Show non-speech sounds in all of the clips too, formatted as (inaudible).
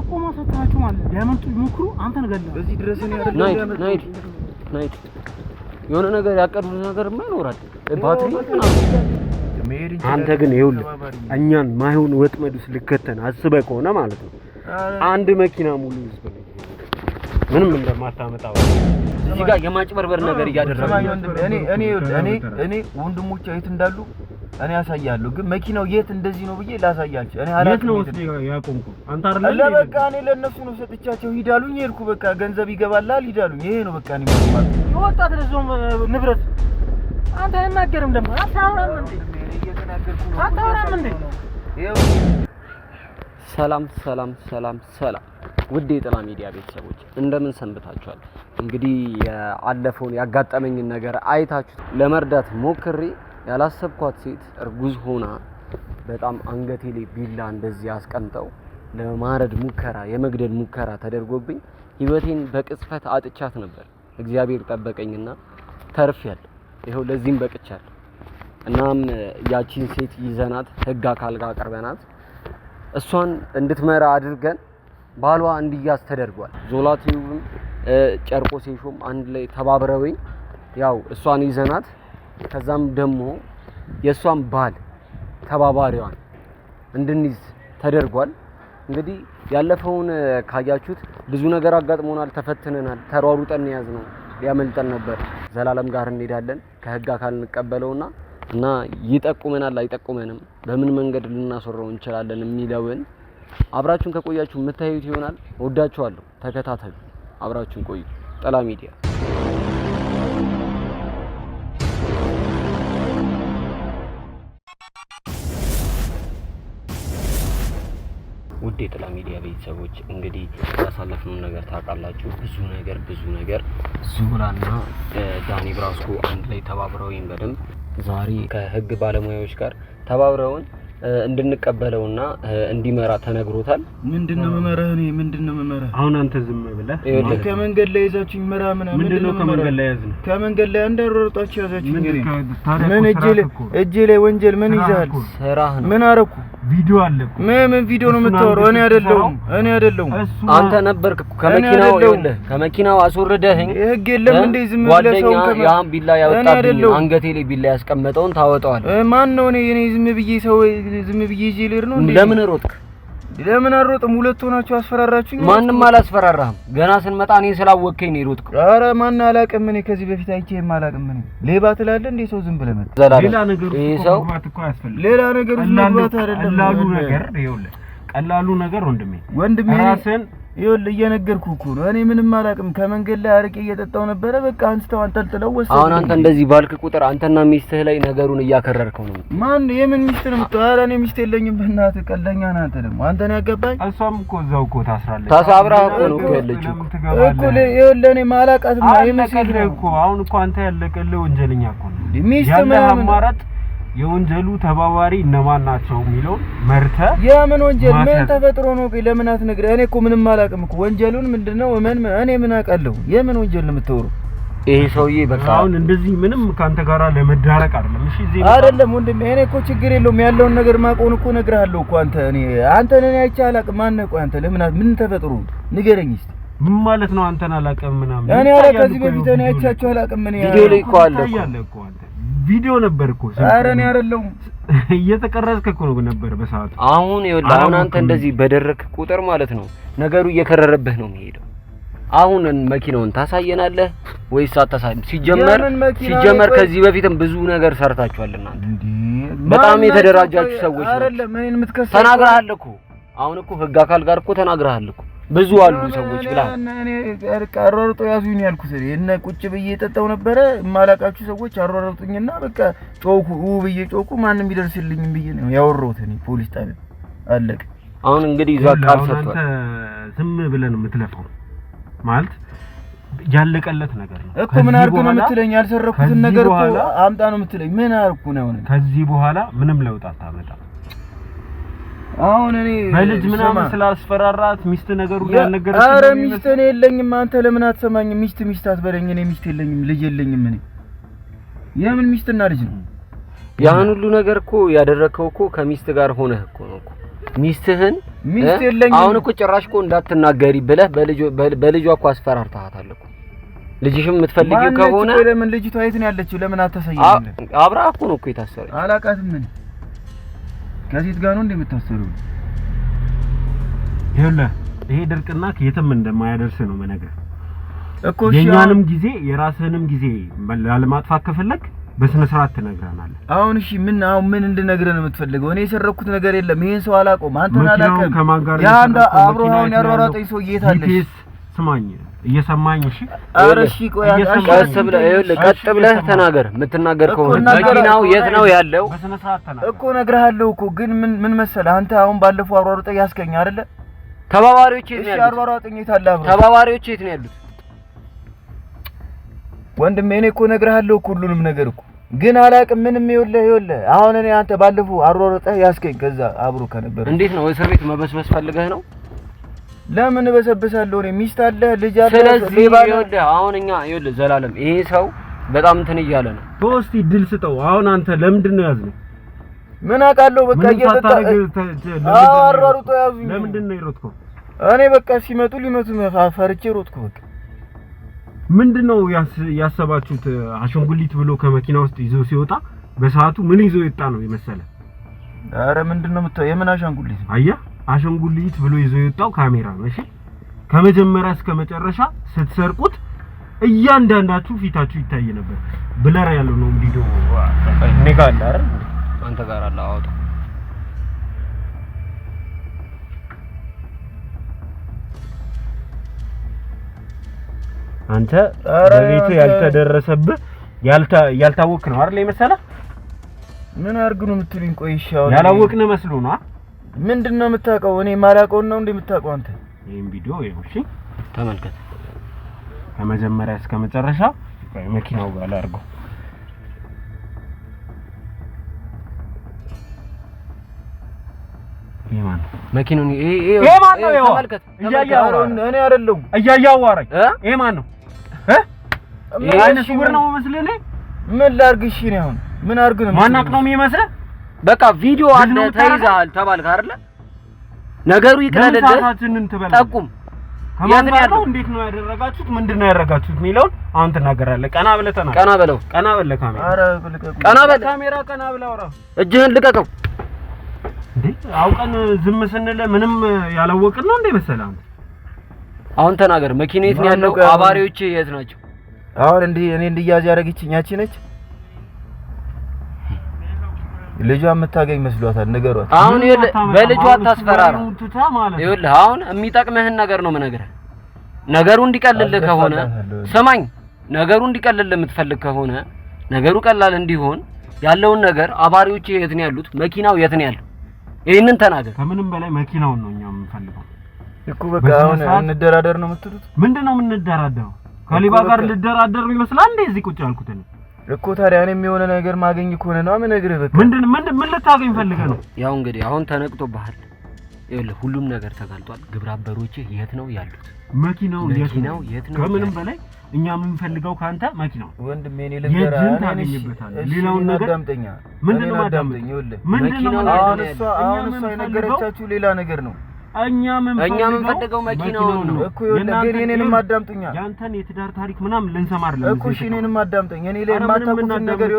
እኮ ማሳታቸው ማለት ሊያመልጡ ይሞክሩ፣ አንተን ገድለህ በዚህ ድረስ ነው ያለው። የሆነ ነገር ያቀዱት ነገር ይኖራል። ባትሪ አንተ ግን ይኸውልህ፣ እኛን ማይሆን ወጥመድ ውስጥ ልከተን አስበህ ከሆነ ማለት ነው አንድ መኪና ሙሉ ህዝብ ምንም እንደማታመጣ እዚህ ጋር የማጭበርበር ነገር እያደረገ እኔ እኔ እኔ ወንድሞቼ የት እንዳሉ እኔ ያሳያለሁ፣ ግን መኪናው የት እንደዚህ ነው ብዬ ላሳያችሁ። እኔ አላት ነው ያቆምኩት። አንተ አይደለም ለበቃ እኔ ለነሱ ነው ሰጥቻቸው ሂዳሉኝ፣ ሄድኩ። በቃ ገንዘብ ይገባላል ሂዳሉኝ። ይሄ ነው በቃ። እኔ ማለት የወጣት ለዞም ንብረት አንተ አይናገርም ደግሞ አታውራም እንዴ? አታውራም እንዴ? ሰላም ሰላም ሰላም ሰላም ውድ የጥላ ሚዲያ ቤተሰቦች እንደምን ሰንብታችኋል? እንግዲህ ያለፈውን ያጋጠመኝን ነገር አይታችሁ ለመርዳት ሞክሬ ያላሰብኳት ሴት እርጉዝ ሆና በጣም አንገቴ ላይ ቢላ እንደዚህ አስቀምጠው ለማረድ ሙከራ የመግደል ሙከራ ተደርጎብኝ ህይወቴን በቅጽፈት አጥቻት ነበር። እግዚአብሔር ጠበቀኝና ተርፌያለሁ። ይኸው ለዚህም በቅቻለሁ። እናም ያቺን ሴት ይዘናት ህግ አካል ጋር አቅርበናት እሷን እንድትመራ አድርገን ባሏ እንዲያዝ ተደርጓል። ዞላቲውም ጨርቆ ሴሾም አንድ ላይ ተባብረውኝ ያው እሷን ይዘናት ከዛም ደግሞ የእሷን ባል ተባባሪዋን እንድንይዝ ተደርጓል። እንግዲህ ያለፈውን ካያችሁት ብዙ ነገር አጋጥሞናል፣ ተፈትነናል፣ ተሯሩጠን የያዝ ነው ሊያመልጠን ነበር። ዘላለም ጋር እንሄዳለን ከህግ አካል እንቀበለውና እና ይጠቁመናል አይጠቁመንም፣ በምን መንገድ ልናስወረው እንችላለን የሚለውን አብራችሁን ከቆያችሁ የምታዩት ይሆናል። ወዳችኋለሁ። ተከታተሉ፣ አብራችሁን ቆዩ። ጠላ ሚዲያ ውድ የጥላ ሚዲያ ቤተሰቦች እንግዲህ ያሳለፍነው ነገር ታውቃላችሁ። ብዙ ነገር ብዙ ነገር ዙራና ዳኒ ብራስኮ አንድ ላይ ተባብረውን በደንብ ዛሬ ከህግ ባለሙያዎች ጋር ተባብረውን እንድንቀበለውና እንዲመራ ተነግሮታል። ምንድን ነው የምመራህ? እኔ ምንድን ነው አሁን አንተ ዝም ብለህ ከመንገድ ላይ ይዛችሁኝ ይመራ ምናምን ምንድን ነው ከመንገድ ላይ ያዝን? ከመንገድ ላይ እንዳሯሯጣችሁ ያዛችሁኝ። ምን እጄ ላይ ወንጀል ምን ይዛል? ስራህ ነው። ምን አረኩ? ቪዲዮ አለ እኮ። ምን ምን ቪዲዮ ነው የምታወራው? እኔ አይደለሁም፣ እኔ አይደለሁም። አንተ ነበርክ እኮ ከመኪናው ይኸውልህ፣ ከመኪናው አስወረደህኝ። ህግ የለም እንዴ? ዝም ብለህ ሰው ያን ቢላ ያወጣብኝ አንገቴ ላይ ቢላ ያስቀመጠውን ታወጣዋለህ። ማን ነው እኔ? እኔ ዝም ብዬ ሰው ዝም ብዬ ይዤ ልሄድ ነው። ለምን ሮጥክ? ለምን አልሮጥም? ሁለት ሆናችሁ አስፈራራችሁኝ። ማንም አላስፈራራህም። ገና ስንመጣ እኔ ስላወከኝ ነው የሮጥኩ። ኧረ ማን አላውቅም። እኔ ከዚህ በፊት አይቼ የማላውቅም። እኔ ሌባ ትላለህ እንዴ? ሰው ዝም ብለህ መጣ። ሌላ ነገር ሰው ሌላ ነገር ዝም መግባት አይደለም። ነገር ቀላሉ ነገር ወንድሜ ወንድሜ ራስን ይኸውልህ እየነገርኩህ እኮ ነው። እኔ ምንም አላውቅም። ከመንገድ ላይ አርቄ እየጠጣው ነበረ። በቃ አንስተው አንጠልጥለው ወሰዱ። አሁን አንተ እንደዚህ ባልክ ቁጥር አንተና ሚስትህ ላይ ነገሩን እያከረርከው ነው። ማን የምን ሚስት ነው የምትለው? ኧረ እኔ ሚስት የለኝም። በእናትህ ቀለኛ ነህ አንተ ደግሞ። አንተ ነው ያገባኝ። እሷም እኮ እዛው እኮ ታስራለች። ታሳብራ እኮ ነው እኮ ያለችው እኮ። ይኸውልህ እኔ ማላውቃት ነው። አሁን እኮ አንተ ያለቀልህ ወንጀለኛ እኮ ነው ሚስት ምናምን የወንጀሉ ተባባሪ እነማን ናቸው የሚለውን መርተ የምን ወንጀል ምን ተፈጥሮ ነው? ቆይ ለምን አትነግረኝ? እኔ እኮ ምንም አላውቅም እኮ ወንጀሉን ምንድነው? ምን እኔ ምን አውቃለሁ? የምን ወንጀል ነው የምትወሩ? ይሄ ሰውዬ በቃ አሁን እንደዚህ ምንም ካንተ ጋራ ለመዳረቅ አይደለም። እሺ እዚህ አይደለም ወንድሜ፣ እኔ እኮ ችግር የለውም ያለውን ነገር ማቆን እኮ እነግርሃለሁ እኮ አንተ እኔ አንተ እኔ አይቼ አላውቅም። ነው ቆይ አንተ ለምን ምን ተፈጥሮ ንገረኝ እስቲ ምን ማለት ነው አንተን አላውቅም ምናምን? እኔ አረ ከዚህ በፊት እኔ አይቻቸው አላውቅም። እኔ ቪዲዮ ላይ እኮ አለ እኮ አንተ ቪዲዮ ነበር እኮ። ኧረ እኔ አይደለሁም (laughs) እየተቀረጽክ እኮ ነው ነበር በሰዓቱ። አሁን ይኸውልህ፣ አሁን አንተ እንደዚህ በደረክ ቁጥር ማለት ነው ነገሩ እየከረረብህ ነው የሚሄደው። አሁን መኪናውን ታሳየናለህ ወይስ አታሳይም? ሲጀመር ሲጀመር ከዚህ በፊትም ብዙ ነገር ሰርታችኋል እናንተ በጣም የተደራጃችሁ ሰዎች። አይደለም እኔን የምትከሰው ተናግረሃል እኮ። አሁን እኮ ህግ አካል ጋር እኮ ተናግረሃል እኮ ብዙ አሉ ሰዎች ብላ አሯርጦ ያዙኝ ያልኩት እነ ቁጭ ብዬ የጠጣው ነበረ የማላቃችሁ ሰዎች አሯረጡኝና በቃ ጮኩ ብዬ ጮኩ። ማንም ይደርስልኝ ብዬ ነው ያወራሁት እኔ ፖሊስ ጣቢያ አለቀ። አሁን እንግዲህ ይዟ ቃል ሰጥቷል። ዝም ብለን የምትለፈው ማለት ያለቀለት ነገር ነው እኮ። ምን አርኩ ነው የምትለኝ? ያልሰረኩትን ነገር እኮ አምጣ ነው የምትለኝ። ምን አርኩ ነው? ከዚህ በኋላ ምንም ለውጥ አታመጣም። አሁን እኔ በልጅ ምናምን ስላስፈራራት ሚስት ነገሩ ያልነገረች። አረ ሚስት እኔ የለኝም። አንተ ለምን አትሰማኝ? ሚስት ሚስት አትበለኝ። እኔ ሚስት የለኝም፣ ልጅ የለኝም። እኔ የምን ሚስትና ልጅ ነው? ያን ሁሉ ነገር እኮ ያደረከው እኮ ከሚስት ጋር ሆነህ እኮ ነው እኮ ሚስትህን። ሚስት የለኝም። አሁን እኮ ጭራሽ እኮ እንዳትናገሪ ብለህ በልጇ እኮ አስፈራርተሃታል እኮ። ልጅሽም የምትፈልጊው ከሆነ ለምን ልጅቷ የት ነው ያለችው? ለምን አታሳየኝ? አብራ እኮ ነው እኮ የታሰረች። አላቃትም እኔ ከሴት ጋር ነው እንደምታሰረው። ይሄለ ይሄ ድርቅና ከየትም እንደማያደርስ ነው መነገር እኮ። የኛንም ጊዜ የራስህንም ጊዜ ላለማጥፋት ከፈለግ በስነ ስርዓት ትነግረናለህ። አሁን እሺ፣ ምን አሁን ምን እንድነግርህ ነው የምትፈልገው? እኔ የሰረኩት ነገር የለም። ይሄን ሰው አላውቀውም፣ አንተን አላውቅም። ያ አብሮ አሁን ያሯሯጠኝ ሰው ይታለሽ ስማኝ እየሰማኝ እሺ፣ ኧረ እሺ፣ ቆይ ቀስ ብለህ ይኸውልህ፣ ቀጥ ብለህ ተናገር። የምትናገር ከሆነ መኪናው የት ነው ያለው? ተናገር እኮ እነግርሃለሁ እኮ። ግን ምን ምን መሰለህ አንተ አሁን ባለፈው አሯሯጠህ ያስገኝ አይደለ? ተባባሪዎች የት ነው ያሉት? አሯሯጠኝ የታለ? ተባባሪዎች የት ነው ያሉት? ወንድሜ፣ እኔ እኮ እነግርሃለሁ እኮ ሁሉንም ነገር እኮ ግን አላውቅም። ምንም ይኸውልህ፣ ይኸውልህ፣ አሁን እኔ አንተ ባለፈው አሯሯጠህ ያስገኝ ከዛ አብሮ ከነበረ እንዴት ነው እስር ቤት መበስበስ ፈልገህ ነው? ለምን በሰብሳለሁ? እኔ ሚስት አለ ልጅ አለ። ስለዚህ ይኸውልህ አሁን እኛ ይኸውልህ ዘላለም ይሄ ሰው በጣም እንትን እያለ ነው። ሶስቲ ድል ስጠው። አሁን አንተ ለምንድን ነው ያዝነው? ምን አውቃለሁ። በቃ እየመጣ አሯሩጦ ያዙኝ። ለምንድን ነው የሮጥከው? እኔ በቃ ሲመጡ ሊመቱ ፈርቼ ሮጥኩ። በቃ ምንድን ነው ያሰባችሁት? አሻንጉሊት ብሎ ከመኪና ውስጥ ይዞ ሲወጣ በሰዓቱ ምን ይዞ ይወጣ ነው የመሰለ? አረ ምንድን ነው የምን አሻንጉሊት አያ አሸንጉሊት ብሎ ይዞ የወጣው ካሜራ ነው። እሺ ከመጀመሪያ እስከ መጨረሻ ስትሰርቁት እያንዳንዳችሁ ፊታችሁ ይታይ ነበር። ብለር ያለው ነው ቪዲዮ እኔ ጋር አለ አይደል? አንተ ጋር አለ። አውጣ አንተ በቤቱ ያልተደረሰብህ ያልታ ያልታወክ ነው አይደል? መሰለህ ምን አድርግ ነው የምትሉኝ? ቆይ ይሻው ያላወቅን መስሎ ነው። ምንድን ነው የምታውቀው? እኔ የማላውቀውን ነው እንዴ የምታውቀው አንተ። ይሄን ቪዲዮ ይኸውሽ፣ ተመልከት። ከመጀመሪያ እስከ መጨረሻ መኪናው ጋር ላድርገው። ይሄ ይሄ ነው? ተመልከት። እኔ ነው? ምን ላድርግ? እሺ ነው ምን አድርግ ነው? ማናቅ ነው የሚመስልህ በቃ ቪዲዮ አለ ተይዘሃል ተባልክ አይደለ? ነገሩ ይቅለልልህ። ጠቁም የምን ያለው እንዴት ነው ያደረጋችሁት? ምንድን ነው ያደረጋችሁት የሚለውን አሁን ትናገራለህ። ቀና ብለህ ተናገር። ቀና በለው። ቀና በለው። ካሜራ ቀና ብለህ አውራ። እጅህን ልቀቀው። እንዴ አውቀን ዝም ስንል ምንም ያላወቅን ነው እንዴ መሰለህ? አሁን ተናገር። መኪና የት ነው ያለው? አባሪዎች የት ናቸው? አሁን እንዲህ እኔ እንድያዝ ያደረገችኝ ያቺ ነች። ልጇ የምታገኝ መስሏታል። ንገሯት አሁን በልጇ አታስፈራራ። ይኸውልህ አሁን የሚጠቅምህን ነገር ነው የምነግርህ። ነገሩ እንዲቀልልህ ከሆነ ስማኝ፣ ነገሩ እንዲቀልልህ የምትፈልግ ከሆነ ነገሩ ቀላል እንዲሆን ያለውን ነገር አባሪዎች የት ነው ያሉት? መኪናው የት ነው ያለው? ይህንን ተናገር። ከምንም በላይ መኪናውን ነው እኛ የምንፈልገው እኮ። በቃ አሁን እንደራደር ነው የምትሉት? ምንድን ነው የምንደራደረው? ከሌባ ጋር ልደራደር ይመስላል እንዴ እዚህ ቁጭ ያልኩት እኔ እኮ ታዲያ እኔም የሆነ ነገር ማገኝ ከሆነ ነው የምነግርህ። በቃ ምንድን ምንድን ምን ልታገኝ ፈልገህ ነው? ያው እንግዲህ አሁን ተነቅቶብሃል። ይኸውልህ ሁሉም ነገር ተጋልጧል። ግብረ አበሮቼ የት ነው ያሉት? መኪናው የት ነው? ከምንም በላይ እኛ የምንፈልገው ከአንተ መኪናው ወንድሜ፣ እኔ ልንገርህ ታገኝበታለህ። ሌላውን ነገር አዳምጠኛ። ምንድን ነው አዳምጠኝ። ይኸውልህ መኪናው አሁን እሷ የነገረቻችሁ ሌላ ነገር ነው እኛ የምንፈልገው መኪናውን ነው እኮ። ይኸውልህ ያንተን የትዳር ታሪክ ምናምን እኮ። እሺ እኔንም አዳምጡኝ። እኔ ላይ የማታውቁትን ነገር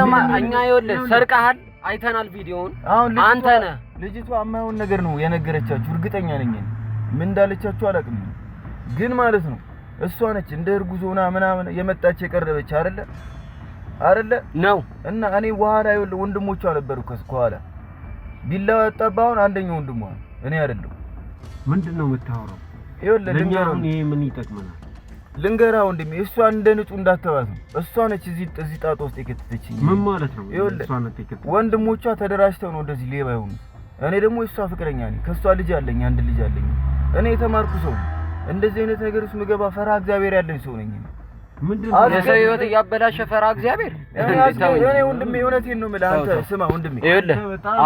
ነው እኛ ሰርቀሃል፣ አይተናል ቪዲዮውን። አሁን አንተ ነህ ልጅቷ ነገር ነው የነገረቻችሁ። እርግጠኛ ነኝ ምን እንዳለቻችሁ አላውቅም፣ ግን ማለት ነው እሷ ነች እንደ እርጉዝ ሆና ምናምን የመጣች የቀረበች አይደለ አይደለ ነው እና እኔ በኋላ ይኸውልህ ወንድሞቿ ነበሩ ከኋላ ቢላዋ ያጣባውን አንደኛው ወንድሟ ነው እኔ አይደለሁ። ምንድን ነው የምታወራው? ይኸውልህ ለእኛ ይሄ ምን ይጠቅመናል? ልንገራው ወንድሜ፣ እሷ እንደ ንጹህ እንዳተባት ነው። እሷ ነች እዚህ እዚህ ጣጣ ውስጥ የከተተችኝ። ምን ማለት ነው? ይኸውልህ ወንድሞቿ ተደራጅተው ነው እንደዚህ ሌባ የሆኑት። እኔ ደግሞ የእሷ ፍቅረኛ ነኝ። ከእሷ ልጅ አለኝ፣ አንድ ልጅ አለኝ። እኔ የተማርኩ ሰው ነኝ። እንደዚህ አይነት ነገር ውስጥ ምገባ ፈራ እግዚአብሔር ያለኝ ሰው ነኝ። የሰው ህይወት እያበላሸ ፈራ እግዚአብሔር። እኔ ወንድሜ እውነቴን ነው የምልህ። አንተ ስማ ወንድሜ፣ ይኸውልህ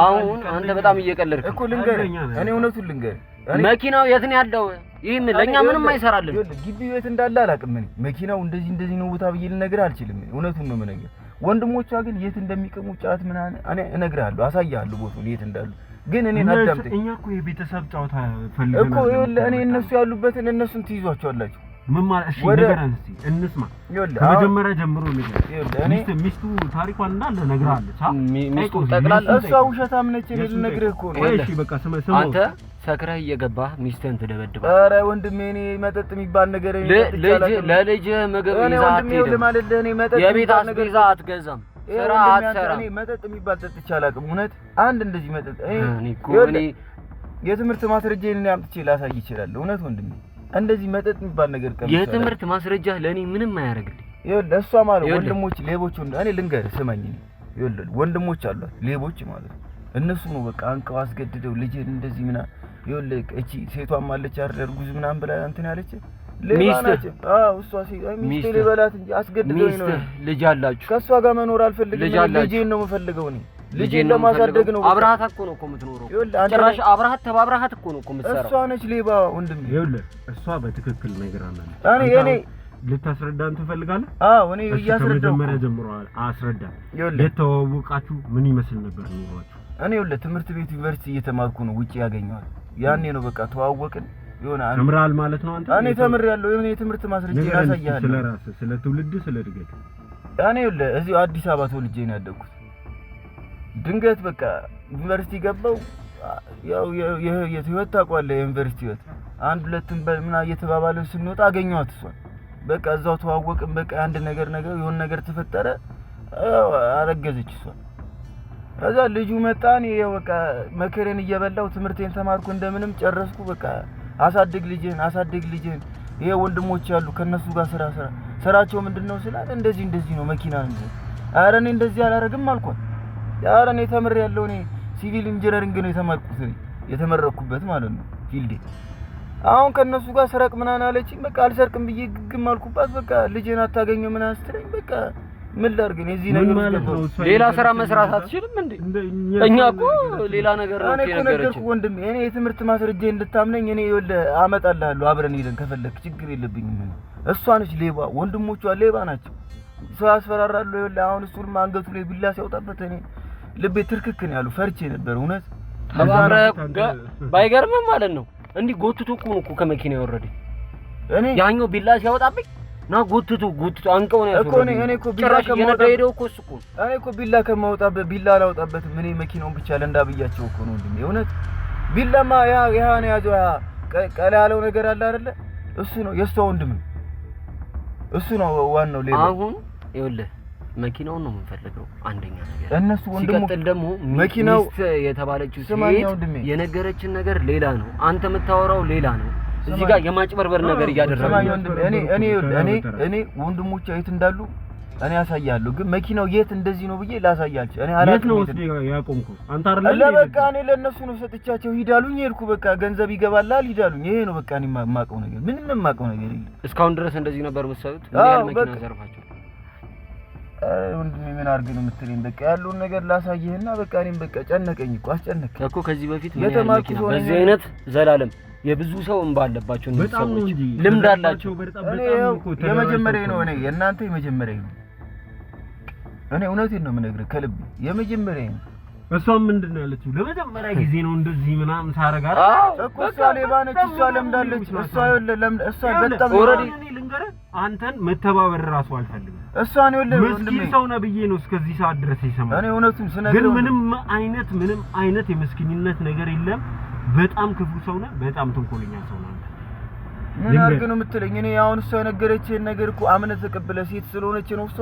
አሁን አንተ በጣም እየቀለድክ እኮ። ልንገርህ፣ እኔ እውነቱን ልንገርህ፣ መኪናው የት ነው ያለው? ይህን ለእኛ ምንም አይሰራልን። ግቢ የት እንዳለ አላውቅም እኔ። መኪናው እንደዚህ እንደዚህ ነው ቦታ ብዬ ልነግርህ አልችልም። እውነቱን ነው የምነግርህ። ወንድሞቿ ግን የት እንደሚቀሙ ጫት ምናምን እኔ እነግርሃለሁ፣ አሳያለሁ ቦታውን የት እንዳሉ ግን እኔን አዳምጠኝ። እኛ እኮ የቤተሰብ ጫወታ ፈልገን እኮ ይኸውልህ፣ እኔ እነሱ ያሉበትን እነሱን ትይዟቸዋላችሁ ምን ማለት እሺ፣ ንገረን እስቲ እንስማ። ከመጀመሪያ ጀምሮ ንገረን። ሚስቱ ታሪኳን እንዳለ ነግራለች። በቃ ስማ፣ አንተ ሰክረህ እየገባህ ሚስትህን ትደበድባለህ። ኧረ ወንድሜ፣ እኔ መጠጥ የሚባል ነገር ምግብ የቤት አስቤዛ አትገዛም። ስራ አትሰራም። መጠጥ የሚባል ጠጥቼ አላውቅም። እውነት አንድ እንደዚህ መጠጥ የትምህርት አምጥቼ ላሳይ ይችላል። እውነት ወንድሜ እንደዚህ መጠጥ የሚባል ነገር ቀምቼ የትምህርት ማስረጃ ለእኔ ምንም አያደርግልኝ። ይኸውልህ እሷ ማለት ወንድሞች ሌቦች ወንድ እኔ ልንገርህ ስመኝ ይኸውልህ ወንድሞች አሏት ሌቦች ማለት እነሱ ነው በቃ አንቀው አስገድደው ልጅ እንደዚህ ምና ይኸውልህ፣ እቺ ሴቷም አለች አይደል እርጉዝ ምናምን ብላ እንትን ያለች ሚስት ልጅ አላችሁ። ከእሷ ጋር መኖር አልፈልግም፣ ልጄን ነው የምፈልገው እኔ ልጄን ለማሳደግ ነው። አብረሀት እኮ ነው እኮ የምትኖረው። ጭራሽ አብረሀት ተባብረሀት እኮ ነው እኮ የምትሰራው። እሷ ነች ሌባ ወንድሜ። ይኸውልህ እሷ በትክክል ነግራናለች። እኔ እኔ ልታስረዳን ትፈልጋለህ? አዎ እኔ እያስረዳሁ ከመጀመሪያ ጀምሮ አስረዳ። ልተዋወቃችሁ ምን ይመስል ነበር ኑሯችሁ? እኔ ይኸውልህ ትምህርት ቤት ዩኒቨርሲቲ እየተማርኩ ነው ውጪ ያገኘኋት። ያኔ ነው በቃ ተዋወቅን። ተምራል ማለት ነው አንተ? እኔ ተምሬያለሁ። የትምህርት ማስረጃ ስለ ራስህ፣ ስለ ትውልድ፣ ስለ እድገት። እኔ ይኸውልህ እዚሁ አዲስ አበባ ተወልጄ ነው ያደግኩት ድንገት በቃ ዩኒቨርሲቲ ገባው። ያው የህይወት ታውቋለህ፣ የዩኒቨርሲቲ ህይወት አንድ ሁለትም በምና እየተባባለ ስንወጣ አገኘኋት እሷን። በቃ እዛው ተዋወቅን። በቃ አንድ ነገር ነገር የሆነ ነገር ተፈጠረ፣ አረገዘች እሷን። ከዛ ልጁ መጣን። ይሄ በቃ መከሬን እየበላው ትምህርቴን ተማርኩ፣ እንደምንም ጨረስኩ። በቃ አሳድግ ልጅህን፣ አሳድግ ልጅህን። ይሄ ወንድሞች አሉ ከነሱ ጋር ስራ ስራ። ስራቸው ምንድነው ስላል፣ እንደዚህ እንደዚህ ነው መኪና ነው። ኧረ እኔ እንደዚህ አላረግም አልኳት። ያረ እኔ ተምሬ ያለው እኔ ሲቪል ኢንጂነሪንግ ነው የተመረኩት የተመረኩበት ማለት ነው ፊልዴ። አሁን ከነሱ ጋር ስረቅ ምናምን አለችኝ። በቃ አልሰርቅም ብዬ ግግም አልኩባት። በቃ ልጄን አታገኘው ምናምን ስትለኝ በቃ ምን ላድርግ ነው እዚህ ነገር ውስጥ ሌላ ስራ መስራት አትችልም እንዴ? እኛ እኮ ሌላ ነገር ነው እኮ ነገርኩህ ወንድሜ። እኔ የትምህርት ማስረጃ እንድታምነኝ እኔ ይኸውልህ አመጣልሃለሁ። አብረን ሄደን ከፈለክ ችግር የለብኝም። እሷ ነች ሌባ፣ ወንድሞቿ ሌባ ናቸው። ሰው ያስፈራራሉ። ይኸውልህ አሁን እሱን አንገቱ ላይ ቢላ ሲያወጣበት እኔ ልቤ ትርክክን ያሉ ፈርቼ ነበር። እውነት ባይገርምም ማለት ነው እንዲህ ጎትቶ እኮ ነው እኮ ከመኪና የወረደ እኔ ያኛው ቢላ ሲያወጣብኝ ና ጎትቶ ጎትቶ አንቀው ነው ያሰረው እኮ እኔ እኮ ቢላ ከመውጣ ሄደው እኮ እሱ እኮ እኔ እኮ ቢላ ከማውጣበት ቢላ አላውጣበትም። እኔ መኪናውን ብቻ ለእንዳብያቸው እኮ ነው እንዴ እውነት ቢላማ ያ ያ ነው ያዘው። ያ ቀላ ያለው ነገር አለ አይደለ? እሱ ነው የእሷ ወንድም ነው እሱ ነው ዋናው ሌላ አሁን ይኸውልህ መኪናውን ነው የምንፈልገው። አንደኛ ነገር እነሱ ወንድሙ ሲቀጥል ደግሞ መኪናው የተባለችው ሲሄድ የነገረችን ነገር ሌላ ነው፣ አንተ የምታወራው ሌላ ነው። እዚህ ጋር የማጭበርበር ነገር እያደረግን እኔ እኔ እኔ እኔ ወንድሞች የት እንዳሉ እኔ ያሳያለሁ፣ ግን መኪናው የት እንደዚህ ነው ብዬ ላሳያችሁ። እኔ አራት ነው ወስዴ ያቆምኩት አንተ አይደለ አለ። በቃ እኔ ለነሱ ነው ሰጥቻቸው ሂዳሉኝ፣ ሄድኩ። በቃ ገንዘብ ይገባላል ሂዳሉኝ። ይሄ ነው በቃ እኔ የማውቀው ነገር፣ ምንም የማውቀው ነገር የለም። እስካሁን ድረስ እንደዚህ ነበር መሰሉት ያል መኪና ዘርፋችሁ ወንድሜ ምን አድርግ ነው የምትለኝ? በቃ ያለውን ነገር ላሳየህና በቃ እኔም በቃ ጨነቀኝ እኮ አስጨነቀኝ እኮ ከዚህ በፊት የተማርኩት በዚህ አይነት ዘላለም የብዙ ሰው እንባ አለባቸው ነው ሰዎች ልምድ አላቸው። እኔ የመጀመሪያ ነው እኔ የእናንተ የመጀመሪያ ነው። እኔ እውነቴን ነው የምነግርህ ከልብ የመጀመሪያ ነው። እሷም ምንድን ነው ያለችው? ለመጀመሪያ ጊዜ ነው እንደዚህ ምናምን ሳረጋት እኮ እሷ ሌባ ነች። እሷ ለምዳለች። እሷ እሷ በጣም ኦሬዲ ልንገርህ፣ አንተን መተባበር ራሱ አልፈልግም። እሷ ነው ያለ ምስኪን ሰው ነው ብዬ ነው እስከዚህ ሰዓት ድረስ የሰማሁት። እኔ እውነቱን ስነግርህ ግን ምንም አይነት ምንም አይነት የምስኪንነት ነገር የለም። በጣም ክፉ ሰው ነህ። በጣም ትንኮለኛ ሰው ነህ። ምን አድርግ ነው የምትለኝ? እኔ አሁን እሷ የነገረችህን ነገር እኮ አምነህ ተቀብለህ ሴት ስለሆነች ነው እሷ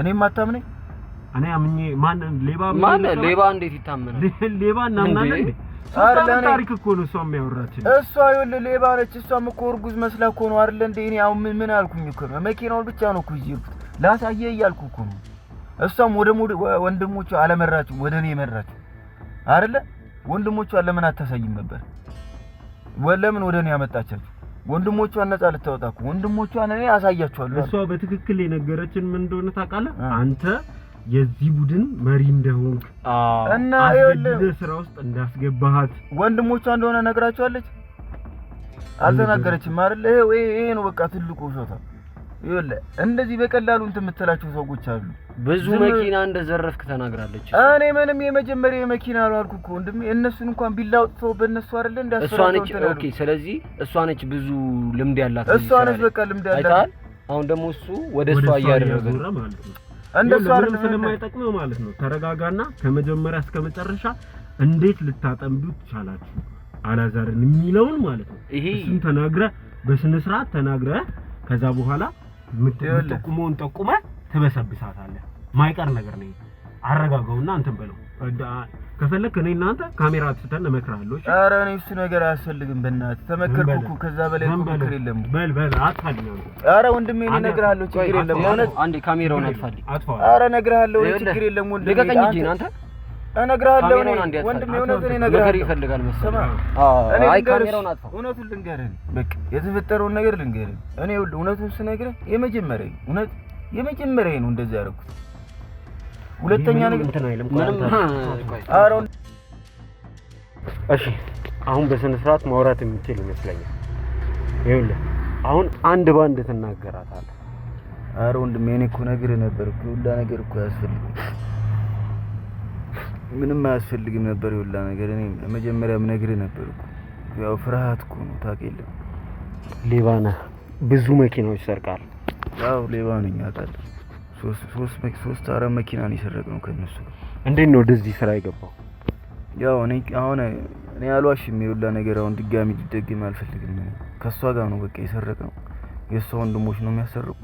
እኔም አታምነኝ እኔ አምኜ ማን ሌባ ማን ሌባ እንዴት ይታመናል? ሌባ እናምናለን እንዴ? ታሪክ እኮ ነው እሷ የሚያወራችን። እሷ ይኸውልህ ሌባ ነች። እሷም እኮ እርጉዝ መስላ እኮ ነው አይደል እንዴ? እኔ አሁን ምን አልኩኝ እኮ ነው መኪናውን ብቻ ነው እኮ ይዤኩት ላሳየህ እያልኩ እኮ ነው። እሷም ወደ ወንድሞቿ አለመራችሁም፣ ወደ እኔ መራችሁ አይደለ? ወንድሞቿ ለምን አታሳይም ነበር? ለምን ወደ እኔ ያመጣቻችሁ? ወንድሞቿን ነፃ ልታወጣ እኮ ወንድሞቿን እኔ አሳያችኋለሁ። እሷ በትክክል የነገረችን ምን እንደሆነ ታውቃለህ አንተ የዚህ ቡድን መሪ እንደሆንክ እና አስገድደ ስራ ውስጥ እንዳስገባሃት ወንድሞቿ እንደሆነ ነግራቸዋለች። አልተናገረችም አይደል? ይሄ ወይ ይሄ ነው በቃ ትልቁ ሾታ። ይኸውልህ እንደዚህ በቀላሉ እንትን የምትላቸው ሰዎች አሉ። ብዙ መኪና እንደዘረፍክ ተናግራለች። እኔ ምንም የመጀመሪያ የመኪና አልዋልኩ እኮ ወንድሜ። እነሱን እንኳን ቢላ ወጥተው አይደል አይደለ እሷ ነች። ኦኬ፣ ስለዚህ እሷ ነች ብዙ ልምድ ያላት፣ እሷ ነች በቃ ልምድ ያላት። አሁን ደግሞ እሱ ወደ እሷ እያደረገ ነው እንደሱ አይደለም ስለማይጠቅመው ማለት ነው። ተረጋጋና ከመጀመሪያ እስከ መጨረሻ እንዴት ልታጠምዱት ቻላችሁ አላዛርን የሚለውን ማለት ነው። እሱን ተናግረህ በስነ ስርዓት ከዛ በኋላ የምትጠቁመውን ጠቁመህ ትበሰብሳታለህ። ማይቀር ነገር ነው። አረጋጋውና እንትን በለው። ከፈለክ እኔ እናንተ ካሜራ አጥፍተን እመክርሃለሁ። ኧረ እኔ እሱ ነገር አያስፈልግም። በእናትህ ተመከርኩ እኮ ከዛ በላይ እኮ ምክር የለም። በል በል አጥፋልኝ። ኧረ ወንድሜ እኔ እነግርሃለሁ፣ ችግር የለም። እውነት አንዴ ካሜራውን አጥፋልኝ። ኧረ እነግርሃለሁ፣ ችግር የለም። ወንድሜ ልቀቀኝ እንጂ አንተ እነግርሃለሁ። እኔ ወንድሜ እውነት እኔ እነግርሃለሁ። ይፈልጋል መሰለህ? አይ ካሜራውን አጥፋ። እውነቱን ልንገርህ፣ በቃ የተፈጠረውን ነገር ልንገርህ። እኔ እውነቱን ስነግርህ የመጀመሪያ ነው፣ እውነት የመጀመሪያ ነው እንደዚህ ያደረኩት ሁለተኛ ነገር እሺ፣ አሁን በስነ ስርዓት ማውራት የምችል ይመስለኛል። ይኸውልህ አሁን አንድ ባንድ ትናገራታለህ። ኧረ ወንድሜ እኔ እኮ ነግሬህ ነበር እኮ የሁላ ነገር እኮ አያስፈልግም፣ ምንም አያስፈልግም ነበር ሁላ ነገር። እኔ መጀመሪያም ነግሬህ ነበር እኮ ያው ፍርሃት እኮ ነው ታውቂያለህ። ሌባ ነህ፣ ብዙ መኪናዎች ሰርቃል። ያው ሌባ ነኝ አውቃለሁ ሶስት አራት መኪና ነው ነው ከነሱ። እንዴት ነው ወደዚህ ስራ የገባው? ያው እኔ አሁን እኔ አልዋሽም፣ የሚውላ ነገር አሁን ድጋሚ ሊደግም አልፈልግም። ከእሷ ጋር ነው በቃ ነው። የእሷ ወንድሞች ነው የሚያሰርቁ።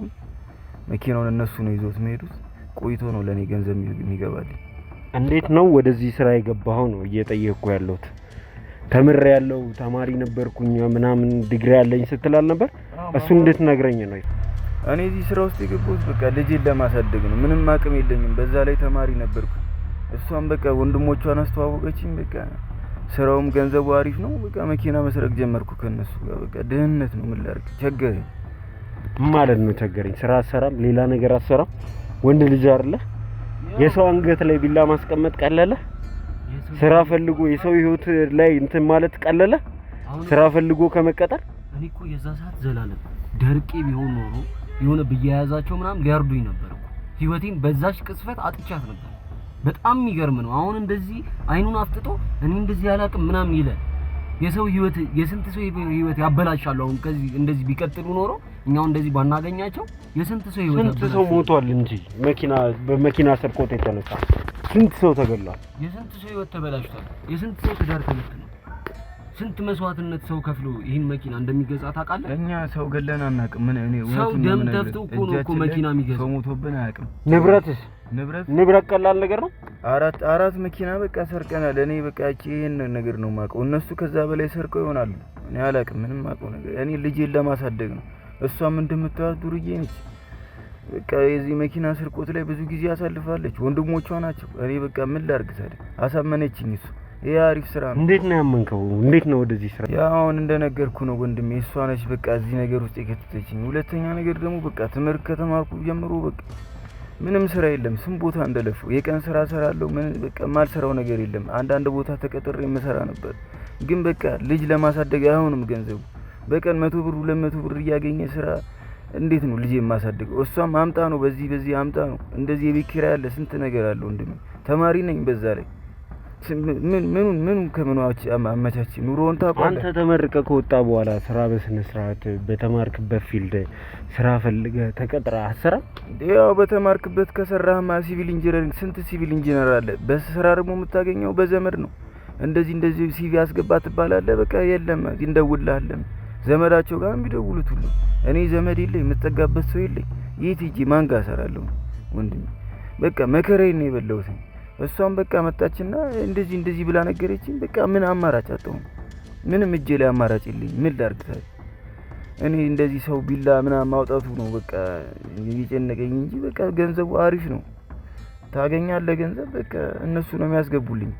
መኪናውን እነሱ ነው ይዞት የሚሄዱት። ቆይቶ ነው ለእኔ ገንዘብ የሚገባል። እንዴት ነው ወደዚህ ስራ የገባው ነው እየጠየቅኩ ያለሁት። ተምር ያለው ተማሪ ነበርኩኝ ምናምን ዲግሪ ያለኝ ነበር እሱ እሱን እንድትነግረኝ ነው እኔ እዚህ ስራ ውስጥ የገባሁት በቃ ልጄን ለማሳደግ ነው። ምንም አቅም የለኝም። በዛ ላይ ተማሪ ነበርኩ። እሷም በቃ ወንድሞቿን አስተዋወቀችኝ። በቃ ስራውም ገንዘቡ አሪፍ ነው። በቃ መኪና መስረቅ ጀመርኩ ከነሱ ጋር። በቃ ድህነት ነው። ምን ላድርግ? ቸገረኝ ማለት ነው። ቸገረኝ። ስራ አሰራም፣ ሌላ ነገር አሰራም። ወንድ ልጅ አይደለ የሰው አንገት ላይ ቢላ ማስቀመጥ ቀለለ? ስራ ፈልጎ የሰው ህይወት ላይ እንትን ማለት ቀለለ? ስራ ፈልጎ ከመቀጠል እኔ እኮ የዛ ሰዓት ዘላለም ደርቄ ቢሆን ኖሮ የሆነ ብያያዛቸው ምናምን ሊያርዱኝ ነበር። ህይወቴን በዛች ቅጽበት አጥቻት ነበር። በጣም የሚገርም ነው። አሁን እንደዚህ አይኑን አፍጥጦ እኔ እንደዚህ አላቅም ምናምን ይለ የሰው ህይወት የስንት ሰው ህይወት ያበላሻሉ። አሁን ከዚህ እንደዚህ ቢቀጥሉ ኖሮ እኛው እንደዚህ ባናገኛቸው የስንት ሰው ህይወት ስንት ሰው ሞቷል እንጂ መኪና በመኪና ስርቆት የተነሳ ስንት ሰው ተገሏል። የስንት ሰው ህይወት ተበላሽቷል። የስንት ሰው ትዳር ተመትቷል። ስንት መስዋዕትነት ሰው ከፍሎ ይህን መኪና እንደሚገዛ ታውቃለህ? እኛ ሰው ገለን አናውቅም። ምን እኔ ሰው ደም ተፍቶ እኮ ነው እኮ መኪና የሚገዛ ሰው ሞቶብን አያውቅም። ንብረትስ ንብረት ንብረት ቀላል ነገር ነው። አራት አራት መኪና በቃ ሰርቀናል። እኔ በቃ እቺ ይሄን ነገር ነው የማውቀው። እነሱ ከዛ በላይ ሰርቀው ይሆናሉ። እኔ አላውቅም። ምንም የማውቀው ነገር እኔ ልጄን ለማሳደግ ነው። እሷም እንደምትዋት ዱርዬ ነች። በቃ የዚህ መኪና ስርቆት ላይ ብዙ ጊዜ አሳልፋለች። ወንድሞቿ ናቸው። እኔ በቃ ምን ላርግ ታዲያ? አሳመነችኝ እሱ የአሪፍ አሪፍ ስራ ነው። እንዴት ነው ያመንከው? እንዴት ነው ወደዚህ ስራ? ያው አሁን እንደነገርኩ ነው ወንድሜ፣ እሷ ነች በቃ እዚህ ነገር ውስጥ የከተተችኝ። ሁለተኛ ነገር ደግሞ በቃ ትምህርት ከተማርኩ ጀምሮ በቃ ምንም ስራ የለም። ስም ቦታ እንደለፈው የቀን ስራ ሰራለሁ። ምን በቃ የማልሰራው ነገር የለም። አንዳንድ ቦታ ተቀጥሬ የምሰራ ነበር፣ ግን በቃ ልጅ ለማሳደግ አይሆንም ገንዘቡ። በቀን መቶ ብር ሁለት መቶ ብር እያገኘ ስራ እንዴት ነው ልጅ የማሳደገው? እሷም አምጣ ነው በዚህ በዚህ አምጣ ነው እንደዚህ። የቤት ኪራይ ያለ ስንት ነገር አለ ወንድሜ፣ ተማሪ ነኝ በዛ ላይ ምኑን ምኑን ከምኑ አመቻች ኑሮውን ታውቀዋለህ። አንተ ተመርቀህ ከወጣ በኋላ ስራ በስነ ስርዓት በተማርክበት ፊልድ ስራ ፈልገህ ተቀጥረህ አሰራ። ያው በተማርክበት ከሰራህማ ሲቪል ኢንጂነሪንግ ስንት ሲቪል ኢንጂነር አለ። በስራ ደግሞ የምታገኘው በዘመድ ነው። እንደዚህ እንደዚህ ሲቪ አስገባ ትባላለህ። በቃ የለም እንደውልልሃለን። ዘመዳቸው ጋር የሚደውሉት ሁሉ እኔ ዘመድ የለኝ፣ የምጠጋበት ሰው የለኝ። የት ሂጄ ማን ጋር እሰራለሁ? ወንድሜ በቃ መከራዬን ነው የበላሁት። እሷም በቃ መጣችና እንደዚህ እንደዚህ ብላ ነገረችኝ። በቃ ምን አማራጭ አጣሁ። ምንም እጄ ላይ አማራጭ የለኝ። ምን ላድርግ እኔ እንደዚህ ሰው ቢላ ምናምን ማውጣቱ ነው በቃ እየጨነቀኝ እንጂ በቃ ገንዘቡ አሪፍ ነው፣ ታገኛለህ ገንዘብ በቃ እነሱ ነው የሚያስገቡልኝ።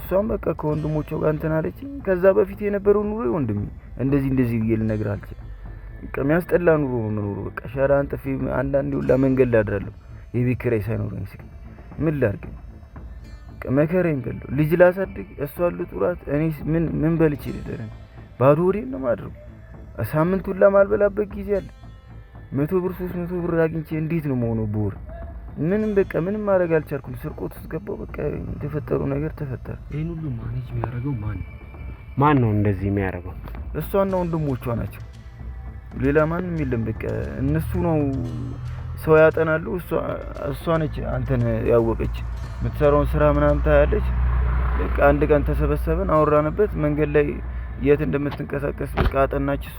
እሷም በቃ ከወንድሞቿ ጋር እንትን አለችኝ። ከዛ በፊት የነበረው ኑሮ ወንድሜ እንደዚህ እንደዚህ ብዬ ልነግርህ አልችልም። በቃ የሚያስጠላ ኑሮ ነው የምኖረው። በቃ ሸራ አንጥፌ አንዳንዴ ሁላ መንገድ ላድራለሁ የቤት ኪራይ ሳይኖረኝ ስል ምን ላድርግ መከረኝ በለው። ልጅ ላሳድግ እሷ ልጡራት እኔ ምን ምን በልቼ ልደረኝ? ባዶ ወዴን ነው ማድረው? ሳምንቱን ለማልበላበት ጊዜ አለ። መቶ ብር ሶስት መቶ ብር አግኝቼ እንዴት ነው መሆነው? ቡር? ምንም በቃ ምንም ማድረግ አልቻልኩም። ስርቆት ስገባው በቃ የተፈጠሩ ነገር ተፈጠረ። ይህን ሁሉ ማኔጅ የሚያደርገው ማን ነው? ማን ነው እንደዚህ የሚያደርገው? እሷና ወንድሞቿ ናቸው። ሌላ ማንም የለም። በቃ እነሱ ነው ሰው ያጠናሉ። እሷ ነች አንተን ያወቀች የምትሰራውን ስራ ምናምን ታያለች። ልክ አንድ ቀን ተሰበሰብን፣ አወራንበት። መንገድ ላይ የት እንደምትንቀሳቀስ በቃ አጠናች። እሷ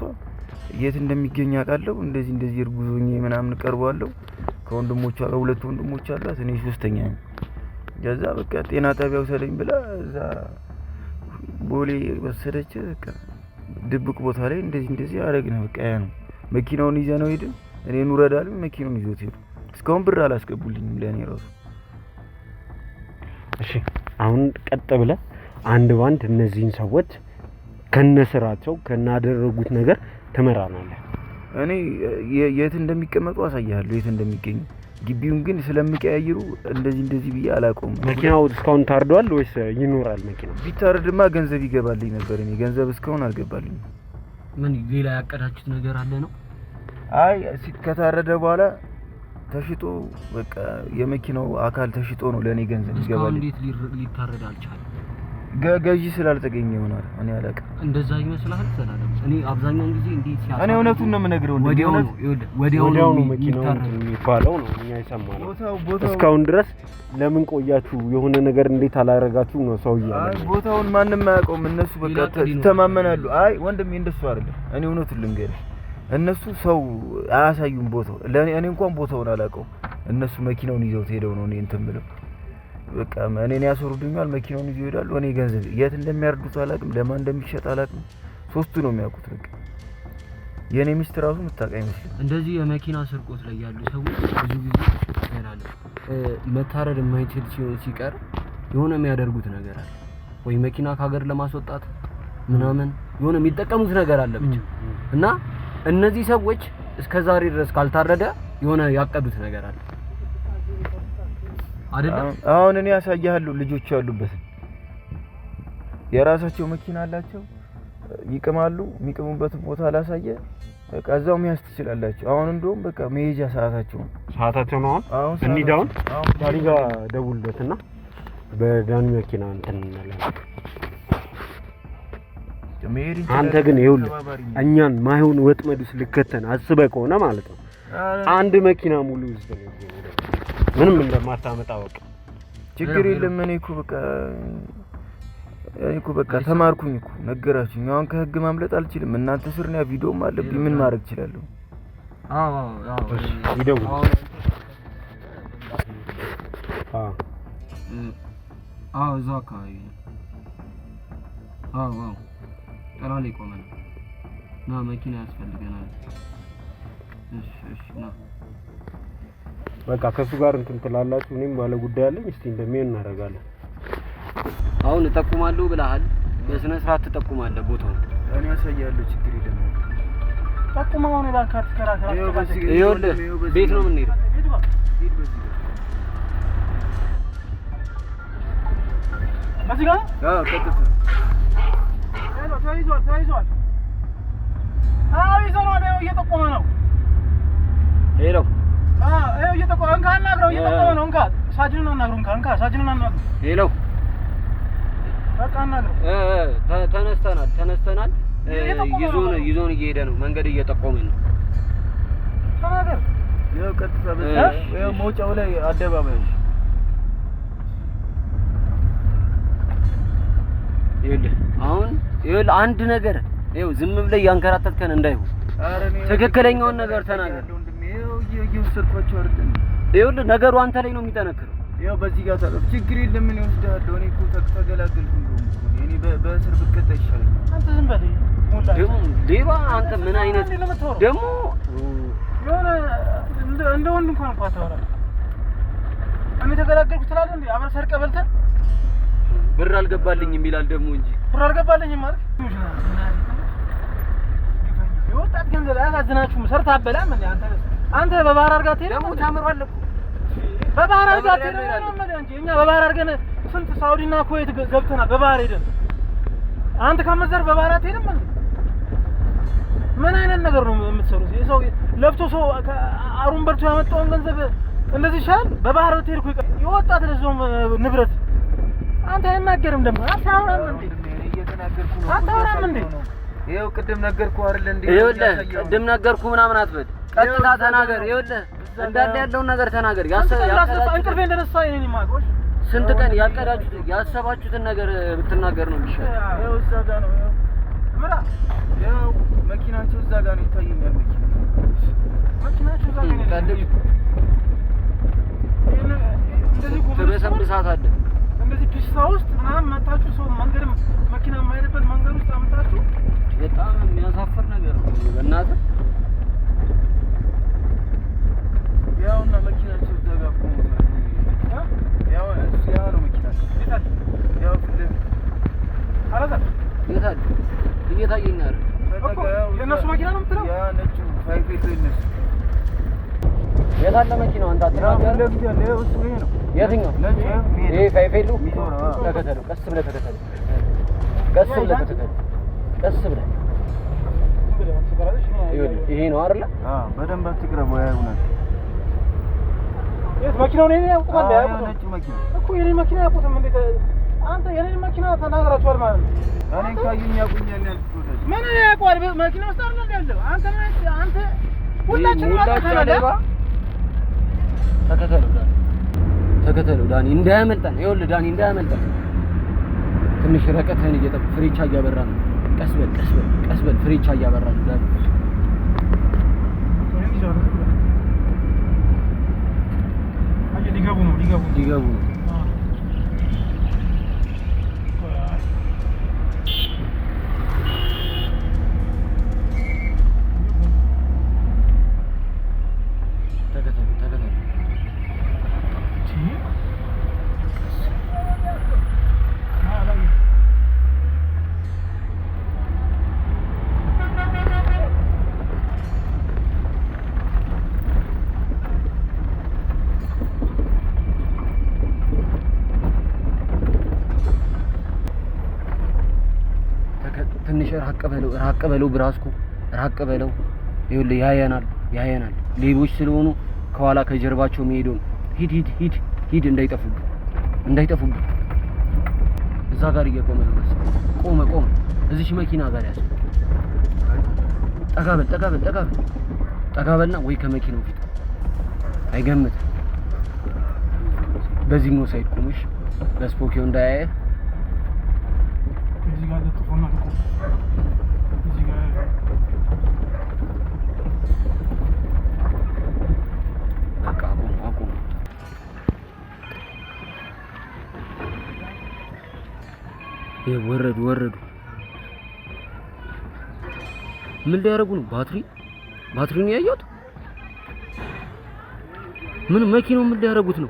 የት እንደሚገኝ አውቃለሁ። እንደዚህ እንደዚህ እርጉዝ ሆኜ ምናምን ቀርቧለሁ። ከወንድሞቿ ጋር ሁለት ወንድሞች አሏት፣ እኔ ሶስተኛ ነኝ። ከዛ በቃ ጤና ጣቢያ ውሰደኝ ብላ እዛ ቦሌ ወሰደች። በቃ ድብቅ ቦታ ላይ እንደዚህ እንደዚህ አደረግን። በቃ ያ ነው መኪናውን ይዘ ነው ሄድን። እኔን ውረድ መኪናውን ይዞት ሄዱ። እስካሁን ብር አላስገቡልኝም ለእኔ ራሱ እሺ አሁን ቀጥ ብለ አንድ ባንድ እነዚህን ሰዎች ከነስራቸው ከናደረጉት ነገር ትመራናለህ። እኔ የት እንደሚቀመጡ አሳያለሁ፣ የት እንደሚገኙ። ግቢውን ግን ስለሚቀያይሩ እንደዚህ እንደዚህ ብዬ አላውቀውም። መኪናው እስካሁን ታርዷል ወይስ ይኖራል? መኪናው ቢታርድማ ገንዘብ ይገባልኝ ነበር። እኔ ገንዘብ እስካሁን አልገባልኝም። ምን ሌላ ያቀዳችሁት ነገር አለ ነው? አይ ከታረደ በኋላ ተሽጦ በቃ የመኪናው አካል ተሽጦ ነው ለእኔ ገንዘብ ይገባል። እንዴት ሊታረድ አልቻለም? ገዢ ስላልተገኘ ይሆናል። እኔ አለቀ እንደዛ ይመስላል። ሰላም እኔ አብዛኛውን ጊዜ እንዴት ያ እኔ እውነቱን ነው የምነግረው። ወዲያው ነው ወዲያው ነው መኪናው የሚባለው ነው እኛ የሰማነው። እስካሁን ድረስ ለምን ቆያችሁ? የሆነ ነገር እንዴት አላረጋችሁ ነው ሰው ይላል። ቦታውን ማንም አያውቀውም። እነሱ በቃ ተማመናሉ። አይ ወንድሜ እንደሱ አይደለም። እኔ እውነቱን ልንገርህ እነሱ ሰው አያሳዩም ቦታው። እኔ እንኳን ቦታውን አላቀው እነሱ መኪናውን ይዘው ሄደው ነው እኔ እንትን ብለው በቃ እኔን ያስወርዱኛል። መኪናውን ይዘው ይሄዳሉ። እኔ ገንዘብ የት እንደሚያርዱት አላውቅም፣ ለማን እንደሚሸጥ አላውቅም። ሶስቱ ነው የሚያውቁት። በቃ የእኔ ሚስት ራሱ የምታውቅ ይመስል። እንደዚህ የመኪና ስርቆት ላይ ያሉ ሰዎች ብዙ ጊዜ መታረድ የማይችል ሲሆን ሲቀር የሆነ የሚያደርጉት ነገር አለ ወይ መኪና ከሀገር ለማስወጣት ምናምን የሆነ የሚጠቀሙት ነገር አለ ብቻ እና እነዚህ ሰዎች እስከ ዛሬ ድረስ ካልታረደ የሆነ ያቀዱት ነገር አለ አይደለም። አሁን እኔ ያሳያለሁ። ልጆች ያሉበት የራሳቸው መኪና አላቸው፣ ይቅማሉ። የሚቅሙበትን ቦታ አላሳየ በቃ እዛው መያዝ ትችላላችሁ። አሁን እንደውም በቃ መሄጃ ሰዓታቸው ነው ሰዓታቸው ነው። አሁን እንሂድ። አሁን ዳኒ ጋር ደውልለትና በዳኒ መኪና እንትን እንላለን። አንተ ግን ይኸውልህ እኛን ማይሆን ወጥመድ ውስጥ ልከተን አስበህ ከሆነ ማለት ነው አንድ መኪና ሙሉ ህዝብ ነው ምንም እንደማታመጣ ወቅ ችግር የለም። እኔ እኮ በቃ እኔ እኮ በቃ ተማርኩኝ እኮ ነገራችሁኝ። አሁን ከህግ ማምለጥ አልችልም። እናንተ ስር ነው ቪዲዮም አለብኝ። ምን ማድረግ እችላለሁ? አዎ አዎ አዎ አዎ አዎ አዎ ጥላ ላይ ቆመ ነው። ና መኪና ያስፈልገናል። እሺ እሺ፣ ና በቃ ከሱ ጋር እንትን ትላላችሁ። እኔም ባለ ጉዳይ አለኝ። እስቲ እንደሚሆን እናደርጋለን። አሁን እጠቁማለሁ ብለሃል። በስነ ስርዓት ትጠቁማለህ። ቦታው እኔ ያሳያለሁ። ችግር የለም። ጠቁማ ሆነ ባካት ከራከራ ይኸውልህ፣ ቤት ነው የምንሄደው በዚህ ጋር ተይዟል፣ ተይዟል። አዎ ይዘነዋል። ይኸው እየጠቆመ ነው። ሄሎ እየጠቆመ እንካ አናግረው፣ እየጠቆመ ነው። እንካ ሳጅንን አናግረው። እንካ እንካ ሳጅንን አናግረው። ሄሎ በቃ አናግረው። ተነስተናል፣ ተነስተናል። ይዞን ይዞን እየሄደ ነው። መንገድ እየጠቆመ ነው። መውጫው ላይ አደባባይ አሁን ይኸውልህ አንድ ነገር ይኸው ዝም ብለህ እያንከራተትከን እንዳይሆን ትክክለኛውን ነገር ተናገር። ይኸውልህ ነገሩ አንተ ላይ ነው የሚጠነክረው። ያው በዚህ ጋር ታረፍ፣ ችግር የለም። ምን ይወስዳለሁ? እኔ እኮ ተገላገልኩ። እኔ በእስር ብቀጣ ይሻለኛል። አንተ ዝም በል። ሌባ አንተ ምን አይነት ደግሞ የሆነ እንደ ወንድ እንኳን እኮ አታወራም። እኔ ተገላገልኩ ትላለህ እንዴ? አብረን ብር አልገባልኝም ይላል ደግሞ እንጂ ብር አልገባልኝም ማለት የወጣት ገንዘብ አያሳዝናችሁም? ሰርታ አበላ ምን አንተ አንተ በባህር አድርጋ ትሄድ ደግሞ ታምሯል እኮ በባህር አድርጋ ትሄድ እንጂ እኛ በባህር አድርገን ስንት ሳውዲና ኩዌት ገብተናል። በባህር ሄደን አንተ ከመዘር በባህር አትሄድም ማለት ምን አይነት ነገር ነው የምትሰሩት? የሰው ለብቶ ሰው አሩን በልቶ ያመጣውን ገንዘብ እንደዚህ ይሻላል። በባህር ብትሄድ እኮ የወጣት ለዞም ንብረት አንተ አይናገርም ደግሞ አታወራም እንዴ? አታወራም እንዴ? ይኸው ቅድም ነገርኩህ አይደል እንዴ? ይኸውልህ ቅድም ነገርኩህ ምናምን አትበል፣ ቀጥታ ተናገር። ይኸውልህ እንዳለ ያለውን ነገር ተናገር። እንቅልፌ እንደነሳ ይሄን ማቆሽ ስንት ቀን ያቀዳችሁት ያሰባችሁትን ነገር ብትናገር ነው የሚሻለው። ይኸው እዛ ጋር ነው ምራ፣ ይኸው መኪናቸው እዛ ጋር ነው ይታየኛል። መኪናቸው እዛ ጋር ነው። እንደዚህ ጎበዝ ሰዓት በስድስት ሰዓት ውስጥ ምናምን መታችሁ ሰው መንገድ መኪና የማይሄድበት መንገድ ውስጥ አመጣችሁ። በጣም የሚያሳፍር ነገር ነው። በእናትህ ያውና መኪናቸው እዛ ጋር ያው ያው ነው መኪናቸው ያው ፍልም አላዛር የእነሱ መኪና ነው የምትለው ያ ነጭ ፋይፍ ቤት የታለ መኪናው? አንተ አትናገር። የትኛው? ይሄ ፋይፌሉ። ተከተሉ፣ ቀስ ብለህ ተከተሉ፣ ቀስ ብለህ ተከተሉ፣ ቀስ ብለህ ይሄ ነው አይደለ? በደንብ አትቅረቡ። እውነት የት መኪናው ነው? ያውቁታል። ነጭ መኪና እኮ የኔ መኪና ያውቁትም። እንዴት አንተ የኔ መኪና ተናግራችኋል ማለት ነው? እኔ ካዩኝ ያውቁኛል ያልኩት ምን ያውቋል? መኪና ውስጥ አይደል ያለው? አንተ አንተ ሁላችንም አውቀናል። ተከተለው ዳኒ፣ ተከተለው ዳኒ፣ እንዳያመልጠን። ይኸውልህ ዳኒ፣ እንዳያመልጠን። ትንሽ ረቀትህን እየጠብቅ። ፍሬቻ እያበራ ነው። ቀስ በል፣ ቀስ በል፣ ቀስ በል። ፍሬቻ እያበራ ነው ዳኒ። ሊገቡ ነው፣ ሊገቡ ነው። ራቅ በለው ራቅ በለው ብራስኩ ራቅ በለው ይኸውልህ፣ ያየናል ያየናል። ሌቦች ስለሆኑ ከኋላ ከጀርባቸው መሄዱ ሂድ ሂድ ሂድ ሂድ፣ እንዳይጠፉብህ እንዳይጠፉብህ። እዛ ጋር እየቆመ ነው። ቆመ ቆመ። እዚሽ መኪና ጋር ያዝ። ጠጋ በል ጠጋ በል ወይ ከመኪናው ፊት አይገምት። በዚህኛው ሳይድ ቁምሽ በስፖኪው እንዳያየ ወረዱ ወረዱ ምን ሊያደርጉ ነው ባትሪ ባትሪ ነው ያየሁት ምን መኪናው ምን ሊያደርጉት ነው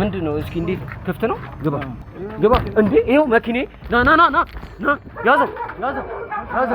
ምንድን ነው? እስኪ እንዴት ክፍት ነው? ግባ ግባ። እንዴ ይኸው መኪኔ ና ና ና ና ያዘው ያዘው ያዘው